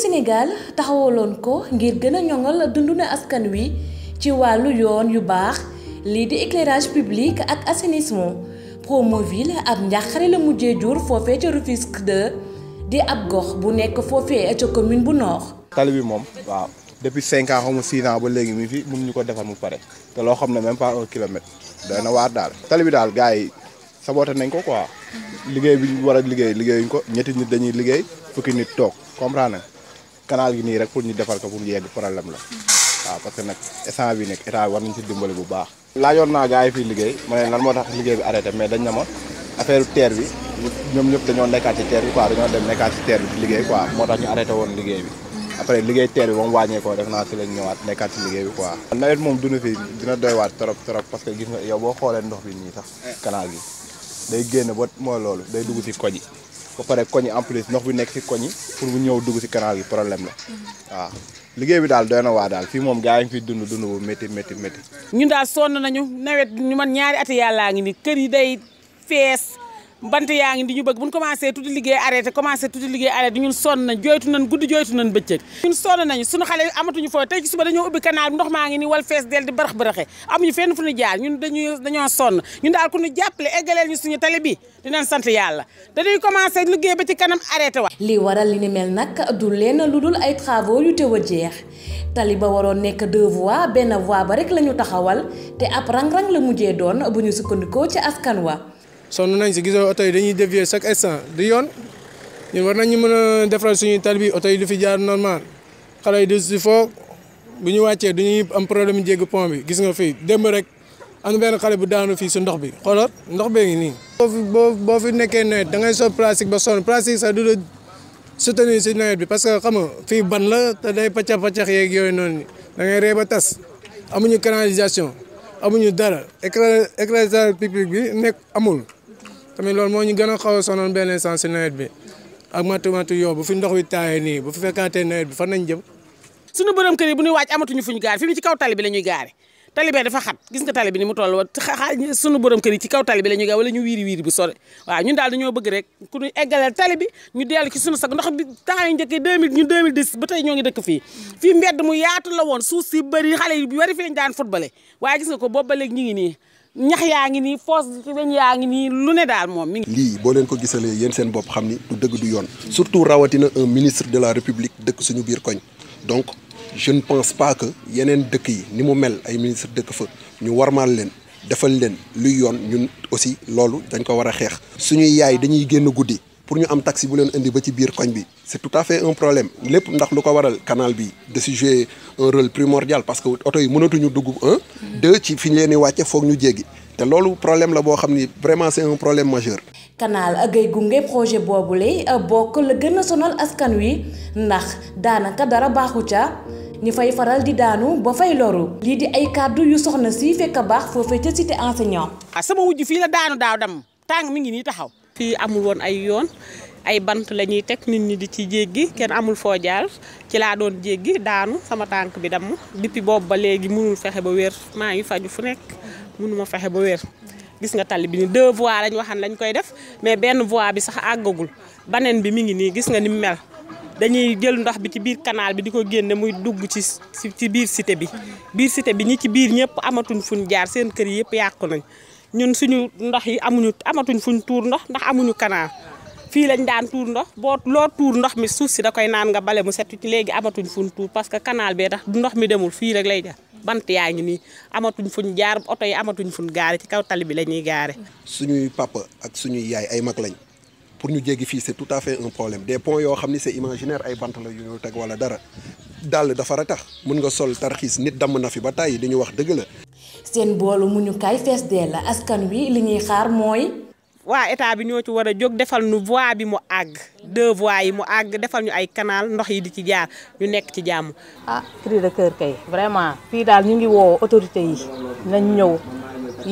Sénégal taxawaloon ko ngir gën a ñoŋal dundu na askan wi ci wàllu yoon yu baax lii di éclairage public ak assainissement Promoville ab njàqare la mujjee jur foofee ca Rufisque 2 di ab gox bu nekk foofee ca commune bu Nord. tali bi moom waaw depuis 5 ans xaw ma six ans ba léegi mi fi mun ñu ko defar mu pare te loo xam ne même pas un kilomètre doy na waar daal. tali bi daal gars yi saboté nañ ko quoi liggéey bi ñu war a liggéey liggéeyuñ ko ñetti nit dañuy liggéey fukki nit toog comprendre canal gi nii rek pour ñu defar ko pour yegg problème la waaw parce que nag instant bi nekk état bi war nañ si dimbali bu baax laajoon naa gars yi fii liggéey ma ne lan moo tax liggéey bi arrêté mais dañ na ma ñëpp dañoo nekkaat ci terre bi quoi dañoo dem nekkaat ci terre bi liggéey quoi moo tax ñu arrêté woon liggéey bi après liggéey terre bi ba mu wàññeekoo def naa si lañ ñëwaat nekkaat ci liggéey bi quoi nawet moom dund fi dina doy waat trop trop parce que gis nga xoolee ndox bi nii sax canal gi day génn ba mooy loolu day dugg si koji ba pare koñi en plus ndox bi nekk si koñi pour bu ñëw dugg si canal yi problème la waaw liggéey bi daal doy na waa daal fii moom gaa yi ngi fi dund dund bu métti métti métti ñun daal sonn nañu nawet ñu man ñaari ati yàllaa ngi ni kër yi day fees bant yaa ngi di ñu bëgg bu ñu commencé tuuti liggéey arrêté commencé tuuti liggéey arrêté ñun sonn nañ jooytu nañ guddi jooytu nañ bëccëg ñun sonn nañu suñu xale amatuñu foofu tey ci suba dañoo ubbi canal bi ndox maa ngi nii wal fees del di barax baraxe amuñu fenn fu ñu jaar ñun dañuy dañoo sonn ñun daal ku ñu jàppale eggaleel ñu suñu tali bi dinañ sant yàlla dañuy commencé liggéey ba ci kanam arrêté wa li waral li ni mel nag du leen lu dul ay travaux yu teew a jeex tali ba waroon nekk deux voies benn voie ba rek la ñu taxawal te ab rang-rang la mujjee doon bu sukkandikoo ci askan wa sonu nañ ci gisoo oto yi dañuy dévier chaque instant du yoon ñun war nañu mën a defaral suñuy tali bi oto yi du fi jaar normal xale yi du si foo bu ñu wàccee dañuy am problème jégg pont bi gis nga fii démb rek am benn xale bu daanu fii si ndox bi xoolal ndox bee ngi nii. boo fi boo boo fi nekkee nawet da ngay sol plastique ba sonn plastique sax du la soutenir si nawet bi parce que xam nga fii ban la te day pàccax pàccax yeeg yooyu noonu da ngay ree ba tas amuñu canalisation amuñu dara éclairage public bi nekk amul. tamit loolu moo ñu gën a xaw a sonoon benn instant si nawet bi ak matu matu yow bu fi ndox wi taayee nii bu fi fekkaatee nawet bi fan nañ jëm. la ñuy gaare tali bee dafa xat gis nga tali bi ni mu toll woon sunu borom kër yi ci kaw tali bi la ñuy gaare wala ñu wiiri wiiri bu sore waaw ñun daal dañoo bëgg rek ku eggaleel tali ñu dellu ci sunu sag ndox bi temps yi njëkkee ñu 2010 ba tey ñoo ngi dëkk fii fii mbedd mu yaatu la woon suuf si bëri xale yi bari fi daan footballé waaye gis nga ko boobu ba léegi ñu ngi nii ñax yaa ngi nii foos weñ yaa ngi nii lu ne daal moom mi ngi. lii boo leen ko gisalee yéen seen bopp xam ni du dëgg du yoon. surtout rawatina un ministre de la république dëkk suñu biir koñ donc je ne pense que yeneen dëkk yi ni mu mel ay ministre dëkk fa ñu warmaal leen defal leen luy yoon ñun aussi loolu dañ ko war a xeex. suñuy yaay dañuy génn guddi. pour ñu am taxi bu leen indi ba ci biir koñ bi c'est tout à fait un problème lepp ndax luko waral canal bi de ci jouer un rôle primordial parce que auto yi mënatu ñu dugg un deux ci fiñ ñu leen di wàcce foog ñu jéggi té loolu problème la bo xamni vraiment c'est un problème majeur. canal gay gunge projet boobule bokk la gën a sonal askan wi ndax daanaka dara baxu ca ñu fay faral di daanu ba fay loru. li di ay kàddu yu soxna si fekk baax foofee ca cité enseignant. ah sama wujj fii la daanu daaw dam tang mi ngi ni taxaw. fi amul won ay yoon ay bant lañuy tek nit ñi di ci jéggi kenn amul fo jaar ci la doon jéggi daanu sama tank bi dam depuis boobu ba légui mënul fexé ba wër ma ngi faju fu nek mënuma fexé ba wër gis nga tali bi ni deux voix lañ waxan lañ koy def mais benn voix bi sax agagul banen bi mi ngi ni gis nga ni mel dañuy jël ndox bi ci biir canal bi di ko muy dugg ci ci biir cité bi biir cité bi ñi ci biir ñepp amatuñ fuñ jaar seen kër yépp nañ ñun suñu ndox yi amuñu amatuñ fuñ tuur ndox ndax amuñu canal fii lañ daan tuur ndox boo loo tuur ndox mi suuf si da koy naan nga bale mu set ci léegi amatuñ fuñ tuur parce que canal bee tax ndox mi demul fii rek lay ja bant yaa ngi nii amatuñ fuñ jaar oto yi amatuñ fuñ gaare ci kaw tali bi la ñuy gaare suñuy papa ak suñuy yaay ay mag lañ pour ñu jéggi fii c'est tout à fait un problème des ponts yoo xam ni se imaginaire ay bant la yu ñu teg wala dara dàll dafa ratax mën nga sol tarxiis nit damm na fi ba tàyyi di ñu la seen boolu mu ñu kay fees dee la askan wi li ñuy xaar mooy. waa état bi ñoo ci war a jóg defal nu voie bi mu àgg deux voies yi mu àgg defal ñu ay kanaal ndox yi di ci jaar ñu nekk ci jàmm. ah cri de kay vraiment fii daal ñu ngi woo autorité yi nañ ñëw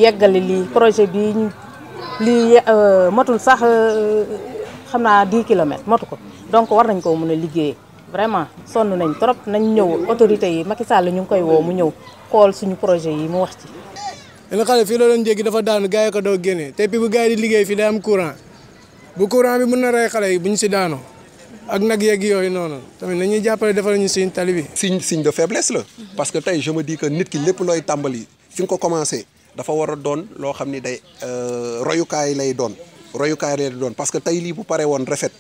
yeggale lii projet bi lii euh, matul sax euh, xam naa dix kilomètres matu ko donc war nañ koo mun a liggéey. vraiment sonu nañ trop nañ ñëw autorité yi Macky Sall ñu koy wo mu ñëw xol suñu projet yi mu wax ci ene xale fi la doon jéggi dafa daan gaay ko do génne té bi bu gaay di liggéey fi day am courant bu courant bi mën na ray xalé yi bu ñu si daanoo ak nag yeeg yooyu noonu tamit nañu jappalé defal ñu suñu tali bi signe signe de faiblesse la parce que tay je me dis que nit ki lépp loy tambali fi ko commencé dafa wara doon lo xamni day euh royu kay lay doon kay lay doon parce que tay li bu pare won refet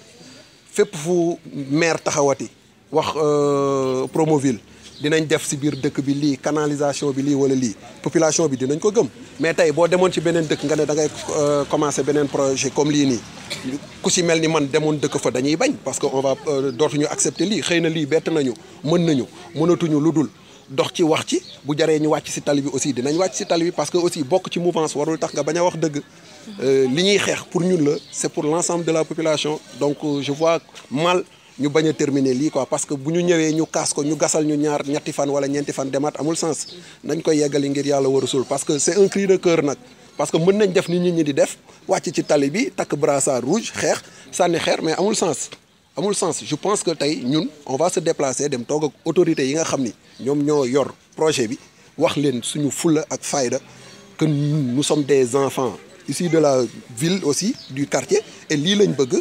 fépp fu maire taxawati wax euh, Promoville dinañ def ci biir dëkk bi lii canalisation bi lii wala lii population bi dinañ ko gëm mais tey boo demoon ci beneen dëkk nga ne da ngay euh, commencer beneen projet comme lii nii ku si mel ni man demoon dëkk fa dañuy bañ parce que on va euh, dootuñu accepter lii xëy na lii bett nañu mën nañu mënatuñu lu dul dox ci wax ci bu jaree ñu wàcc si tali bi aussi dinañ wàcc si tali bi parce que aussi bokk ci mouvance warul tax nga bañ a wax dëgg li ñuy xeex pour ñun la c'est pour l'ensemble de la population donc je vois mal ñu bañ a terminer quoi parce que buñu ñëwé ñu kaas ko ñu gassal ñu ñaar ñetti fan wala ñeenti fan demat amul sens nañ koy yeggali ngir yalla war a parce que c'est un cri de cœur nak parce que mën nañ def ni nit ñi di def wacc ci tali bi tak brassard rouge xex sanni xeer mais amul sens amul sens je pense que tay ñun on va se déplacer dem toog ak autorités yi nga xamni ñom ñoo yor projet bi wax leen suñu fulla ak fayda que nous sommes des enfants ici de la ville aussi du quartier et li lañ bëgg